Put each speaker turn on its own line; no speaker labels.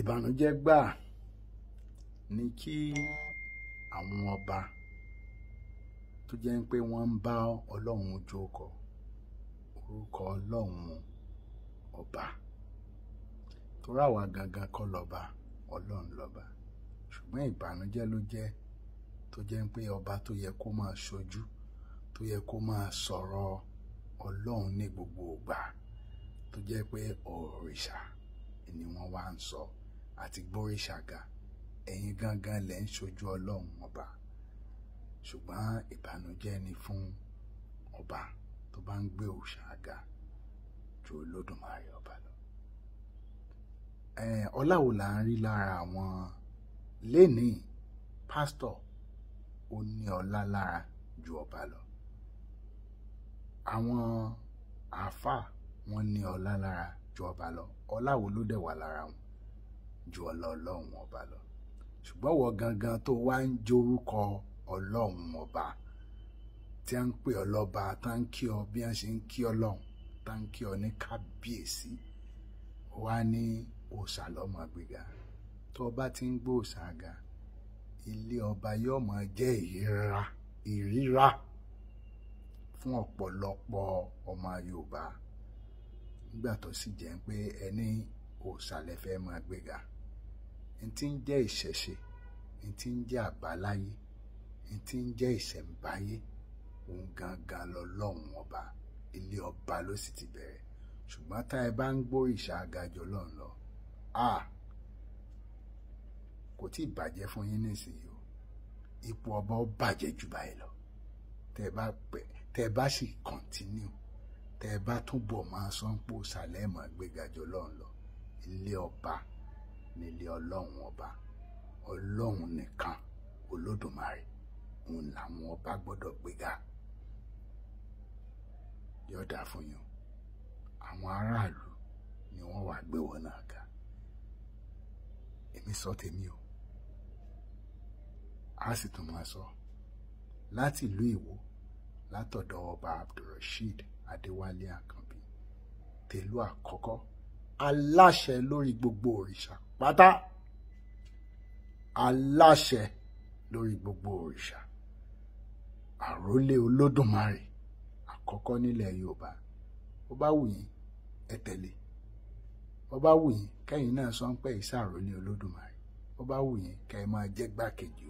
ìbànújẹ́ gbáà ni kí àwọn ọba tó jẹ́ pé wọ́n ń bá ọlọ́run jókòó orúkọ ọlọ́run ọba torí àwa gangan kọ́ lọ́ba ọlọ́run lọ́ba ṣùgbọ́n ìbànújẹ́ ló jẹ́ tó jẹ́ pé ọba tó yẹ kó máa ṣojú tó yẹ kó máa sọ̀rọ̀ ọlọ́run ní gbogbo ìgbà tó jẹ́ pé òrìṣà ni wọ́n wá ń sọ. So àti gbóríṣàgà ẹ̀yin gangan lẹ̀ ń ṣojú ọlọ́run ọba ṣùgbọ́n ìbànújẹ́ ni fún ọba tó bá ń gbé òòṣà àga ju olódùmarè ọba lọ. ọlá wo là ń rí lára àwọn lénìí pásítọ̀ ó ní ọlá lára ju ọba lọ àwọn àáfàá wọn ní ọlá lára ju ọba lọ ọlá ló dẹ̀ wà lára wọn ju ọlọ́ọ̀lọ́hún ọba lọ ṣùgbọ́n wọ gangan tó wá ń jorúkọ ọlọ́hún ọba tí a ń pè ọlọ́ba tá ń kí ọ bí a ṣe ń kí ọlọ́hún tá ń kí ọ ní kábíyèsí wá ní òòṣà lọ́mọ gbéga tó ọba ti ń gbé òòṣà ga ilé ọba yóò máa jẹ́ ìríra ìríra fún ọ̀pọ̀lọpọ̀ ọmọ Yorùbá nígbà tó sì jẹ́ pé ẹni òòṣà lè fẹ́ máa gbéga n tí ń jẹ́ ìṣẹ̀ṣe n tí ń jẹ́ àbáláyé n tí ń jẹ́ ìṣẹ̀ǹbáyé òun gangan lọ́lọ́run ọba ilé ọba ló sì ti bẹ̀rẹ̀ ṣùgbọ́n tá ẹ bá ń gbóríṣà agajọ lọ́n lọ kò tí ì bàjẹ́ fún yín nísìnyí o ipò ọba ó bàjẹ́ jù báyìí lọ tẹ bá pẹ tẹ bá sì kọ̀ntínú tẹ bá túbọ̀ máa sọ pò sálẹ̀ mọ́ gbégajọ lọ́n lọ ilé ọba nílé ọlọ́run ọba ọlọ́run nìkan olódùmarè òun làwọn ọba gbọ́dọ̀ gbéga yọ̀dà fún yín àwọn aráàlú ni wọ́n wàá gbé wọn náà ga èmi sọ tèmi o a sì tún máa sọ láti ìlú Ìwó látọ̀dọ̀ ọba Abdulrasheed Adéwálé Àkànbí tèlú àkọ́kọ́ aláṣẹ lórí gbogbo òrìṣà pátá aláṣẹ lórí gbogbo òrìṣà àrólé olódùmarè àkọ́kọ́ nílẹ̀ yorùbá ó bá wù yín ẹ tẹ̀lé ó bá wù yín kẹ́yìn náà sọ ń pẹ́ ìsàrólé olódùmarè ó bá wù yín kẹ́ máa jẹ́ gbàkejì